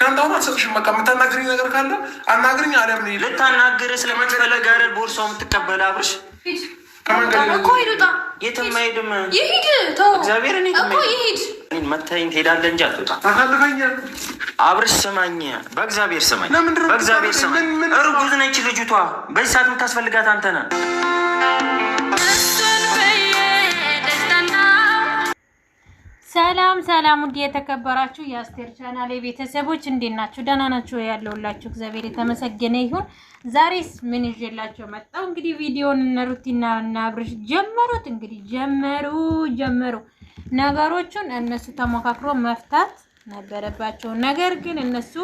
ከአንድ አሁን አትሰጥሽም። በቃ የምታናግረኝ ነገር ካለ አናግረኝ። አለም ነው ልታናግር ስለምትፈለግ አይደል ቦርሳው የምትቀበል አብርሽ የትም አይሄድም። ይሄድ እግዚአብሔርን ይሄድ መታኝ ትሄዳለህ እንጂ አትወጣም። አብርሽ ስማኝ፣ በእግዚአብሔር ስማኝ፣ በእግዚአብሔር ስማኝ። እርጉዝ ነች ልጅቷ። በዚህ ሰዓት የምታስፈልጋት አንተ ነህ። ሰላም ሰላም፣ ውድ የተከበራችሁ የአስቴር ቻናል ቤተሰቦች እንዴት ናችሁ? ደህና ናችሁ? ያለውላችሁ እግዚአብሔር የተመሰገነ ይሁን። ዛሬስ ምን ይዤላችሁ መጣው? እንግዲህ ቪዲዮን እነ ሩቲና አብርሽ ጀመሩት። እንግዲህ ጀመሩ ጀመሩ ነገሮቹን እነሱ ተመካክሮ መፍታት ነበረባቸው። ነገር ግን እነሱ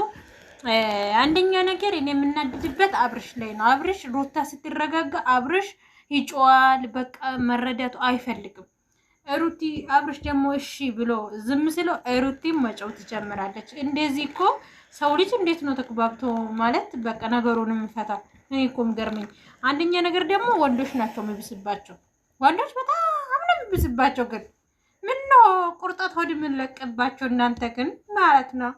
አንደኛ ነገር እኔ የምናድድበት አብርሽ ላይ ነው። አብርሽ ሩታ ስትረጋጋ አብርሽ ይጮዋል። በቃ መረዳቱ አይፈልግም ሩቲ አብርሽ ደግሞ እሺ ብሎ ዝም ስለው ሩቲም መጨው ትጀምራለች። እንደዚህ እኮ ሰው ልጅ እንዴት ነው ተግባብቶ ማለት በቃ ነገሩን የሚፈታው? እኔ እኮ የሚገርመኝ አንደኛ ነገር ደግሞ ወንዶች ናቸው የሚብስባቸው፣ ወንዶች በጣም ነው የሚብስባቸው። ግን ምን ነው ቁርጠት ሆድ የምንለቅባቸው እናንተ ግን ማለት ነው።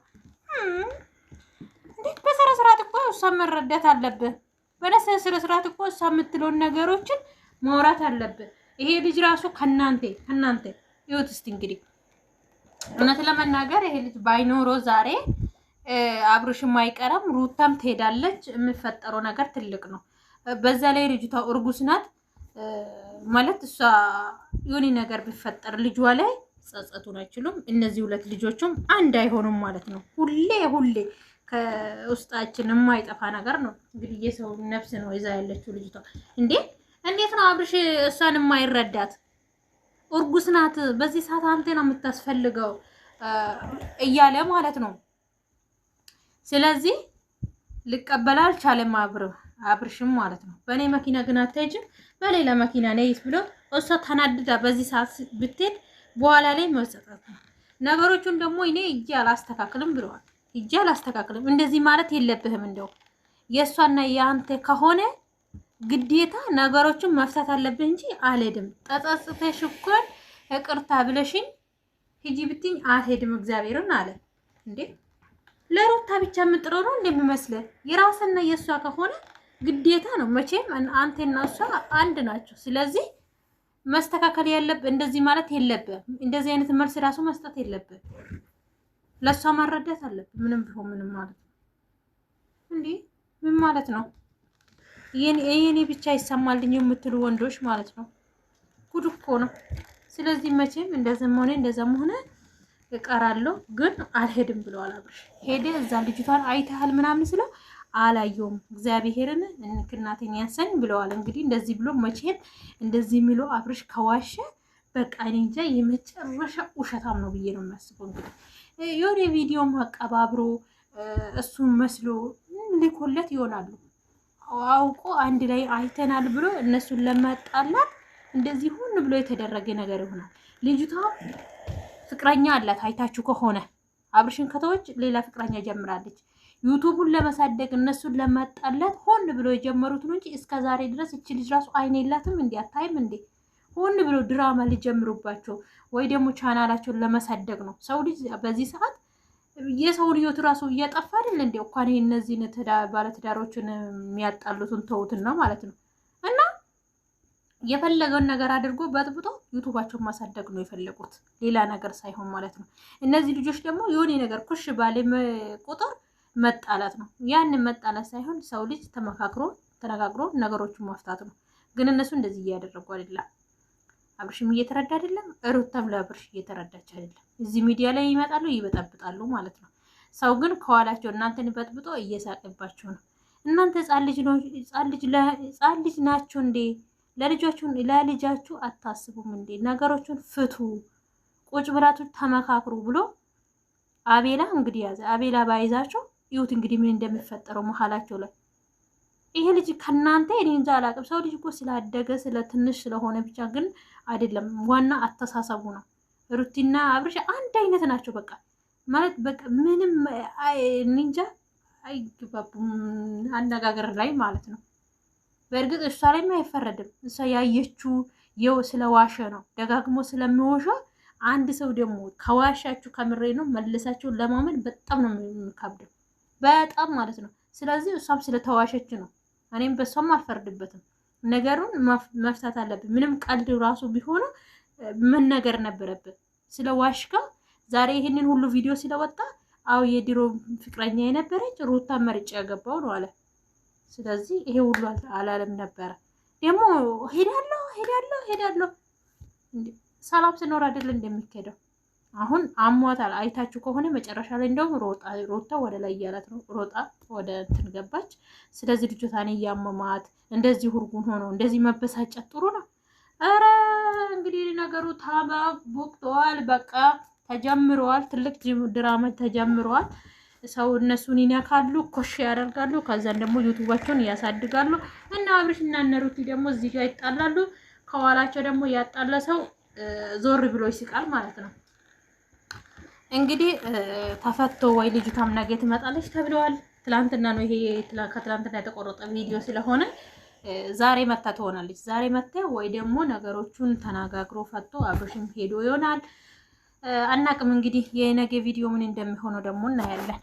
እንዴት በስነ ስርዓት እኮ እሷ መረዳት አለብህ። በስነ ስርዓት እኮ እሷ የምትለውን ነገሮችን ማውራት አለብህ። ይሄ ልጅ ራሱ ከናንተ ከናንተ ህይወት ውስጥ እንግዲህ እውነት ለመናገር ይሄ ልጅ ባይኖሮ ዛሬ አብርሽም አይቀርም፣ ሩታም ትሄዳለች። የምፈጠረው ነገር ትልቅ ነው። በዛ ላይ ልጅቷ እርጉስ ናት ማለት እሷ የሆነ ነገር ቢፈጠር ልጇ ላይ ጸጸቱን አይችሉም። እነዚህ ሁለት ልጆችም አንድ አይሆኑም ማለት ነው። ሁሌ ሁሌ ከውስጣችን የማይጠፋ ነገር ነው እንግዲህ የሰው ነፍስ ነው ይዛ ያለችው ልጅቷ እንዴ እንዴት ነው አብርሽ እሷን የማይረዳት? እርጉስ ናት፣ በዚህ ሰዓት አንተ ነው የምታስፈልገው እያለ ማለት ነው። ስለዚህ ልቀበል አልቻለም አብርሽም ማለት ነው። በእኔ መኪና ግን አትሄጂም፣ በሌላ መኪና ነይት ብሎ እሷ ተናድዳ በዚህ ሰዓት ብትሄድ በኋላ ላይ መጸጸት ነው። ነገሮቹን ደግሞ እኔ እጄ አላስተካክልም ብለዋል። እጄ አላስተካክልም እንደዚህ ማለት የለብህም እንደው የእሷና የአንተ ከሆነ ግዴታ ነገሮችን መፍታት አለብን እንጂ አልሄድም። ተጸጽተሽ እኮን ይቅርታ ብለሽኝ ሂጂ ብትኝ አልሄድም እግዚአብሔርን አለ እንዴ። ለሩታ ብቻ የምጥሮ ነው እንደሚመስለ የራስና የእሷ ከሆነ ግዴታ ነው። መቼም አንቴና እሷ አንድ ናቸው። ስለዚህ መስተካከል ያለብ እንደዚህ ማለት የለበ? እንደዚህ አይነት መልስ ራሱ መስጠት የለበ? ለእሷ ማረዳት አለብ። ምንም ቢሆን ምንም ማለት ነው ምን ማለት ነው? የኔ ብቻ ይሰማልኝ የምትሉ ወንዶች ማለት ነው። ጉድ እኮ ነው። ስለዚህ መቼም እንደዚያም ሆነ እንደዚያም ሆነ እቀራለሁ ግን አልሄድም ብለዋል አብርሽ። ሄደ እዛ ልጅቷን አይተሃል ምናምን ስለው አላየውም እግዚአብሔርን እንክናቴን ያሰኝ ብለዋል። እንግዲህ እንደዚህ ብሎ መቼም እንደዚህ የሚለው አብርሽ ከዋሸ በቃ እኔ እንጃ የመጨረሻ ውሸታም ነው ብዬ ነው የሚያስበው። እንግዲህ የሆነ ቪዲዮም አቀባብሮ እሱን መስሎ ልኮለት ይሆናሉ። አውቆ አንድ ላይ አይተናል ብሎ እነሱን ለማጣላት እንደዚህ ሁን ብሎ የተደረገ ነገር ይሆናል። ልጅቷ ፍቅረኛ አላት። አይታችሁ ከሆነ አብርሽን ከተወች ሌላ ፍቅረኛ ጀምራለች። ዩቱቡን ለመሳደግ እነሱን ለማጣላት ሆን ብሎ ነው እንጂ እስከ ዛሬ ድረስ እች ልጅ ራሱ አይን የላትም። እንዲ አታይም እንዴ? ሆን ብሎ ድራማ ሊጀምሩባቸው ወይ ደግሞ ቻናላቸውን ለመሳደግ ነው። ሰው ልጅ በዚህ ሰዓት የሰው ልጆት ራሱ እያጠፋ አይደል እንዴ? እንኳን እነዚህን ባለትዳሮችን የሚያጣሉትን ተውትን ነው ማለት ነው። እና የፈለገውን ነገር አድርጎ በጥብጦ ዩቱባቸውን ማሳደግ ነው የፈለጉት፣ ሌላ ነገር ሳይሆን ማለት ነው። እነዚህ ልጆች ደግሞ የሆነ ነገር ኩሽ ባለ ቁጥር መጣላት ነው። ያንን መጣላት ሳይሆን ሰው ልጅ ተመካክሮ ተነጋግሮ ነገሮችን ማፍታት ነው። ግን እነሱ እንደዚህ እያደረጉ አይደለም። አብርሽም እየተረዳ አይደለም፣ ሩታም ለአብርሽ እየተረዳች አይደለም። እዚህ ሚዲያ ላይ ይመጣሉ ይበጠብጣሉ ማለት ነው። ሰው ግን ከኋላቸው እናንተን በጥብጦ እየሳቀባቸው ነው። እናንተ ህጻን ልጅ ናችሁ እንዴ? ለልጆቹን ለልጃችሁ አታስቡም እንዴ? ነገሮቹን ፍቱ፣ ቁጭ ብላችሁ ተመካክሩ ብሎ አቤላ እንግዲህ ያዘ። አቤላ ባይዛቸው ይሁት እንግዲህ ምን እንደሚፈጠረው መሀላቸው ላይ ይሄ ልጅ ከእናንተ እኔ እንጃ አላቅም። ሰው ልጅ እኮ ስላደገ ስለ ትንሽ ስለሆነ ብቻ ግን አይደለም፣ ዋና አተሳሰቡ ነው። ሩቲና አብርሽ አንድ አይነት ናቸው። በቃ ማለት በቃ ምንም እንጃ አይግባቡም፣ አነጋገር ላይ ማለት ነው። በእርግጥ እሷ ላይም አይፈረድም። እሷ ያየችው የው ስለዋሸ ነው፣ ደጋግሞ ስለሚወሻ አንድ ሰው ደግሞ ከዋሻችሁ ከምሬ ነው መልሳችሁ ለማመን በጣም ነው የሚከብደው፣ በጣም ማለት ነው። ስለዚህ እሷም ስለተዋሸች ነው እኔም በሷም አልፈርድበትም። ነገሩን መፍታት አለብን። ምንም ቀልድ ራሱ ቢሆኑ መነገር ነበረብን። ስለ ዋሽካ ዛሬ ይህንን ሁሉ ቪዲዮ ስለወጣ አው የድሮ ፍቅረኛ የነበረች ሩታ መርጭ ያገባው ነው አለ። ስለዚህ ይሄ ሁሉ አላለም ነበረ። ደግሞ ሄዳለሁ ሄዳለሁ ሄዳለሁ ሰላም ስኖር አይደለ እንደሚካሄደው አሁን አሟታል። አይታችሁ ከሆነ መጨረሻ ላይ እንደውም ሮጣ ወደ ላይ እያላት ነው፣ ሮጣ ወደ እንትን ገባች። ስለዚህ ልጆታን እያመማት እንደዚህ ሁርጉን ሆኖ እንደዚህ መበሳጨት ጥሩ ነው? ኧረ እንግዲህ ነገሩ ታባ ቦቅተዋል። በቃ ተጀምረዋል። ትልቅ ድራማ ተጀምረዋል። ሰው እነሱን ይነካሉ፣ ኮሽ ያደርጋሉ። ከዛን ደግሞ ዩቱባቸውን እያሳድጋሉ። እና አብርሽ እና እነሩቲ ደግሞ እዚህ ጋር ይጣላሉ። ከኋላቸው ደግሞ ያጣለ ሰው ዞር ብሎ ይስቃል ማለት ነው። እንግዲህ ተፈቶ ወይ ልጅቷም ነገ ትመጣለች ተብለዋል። ትላንትና ነው ይሄ ከትላንትና የተቆረጠ ቪዲዮ ስለሆነ ዛሬ መታ ትሆናለች። ዛሬ መታ ወይ ደግሞ ነገሮቹን ተነጋግሮ ፈቶ አብርሽም ሄዶ ይሆናል። አናቅም እንግዲህ የነገ ቪዲዮ ምን እንደሚሆነው ደግሞ እናያለን።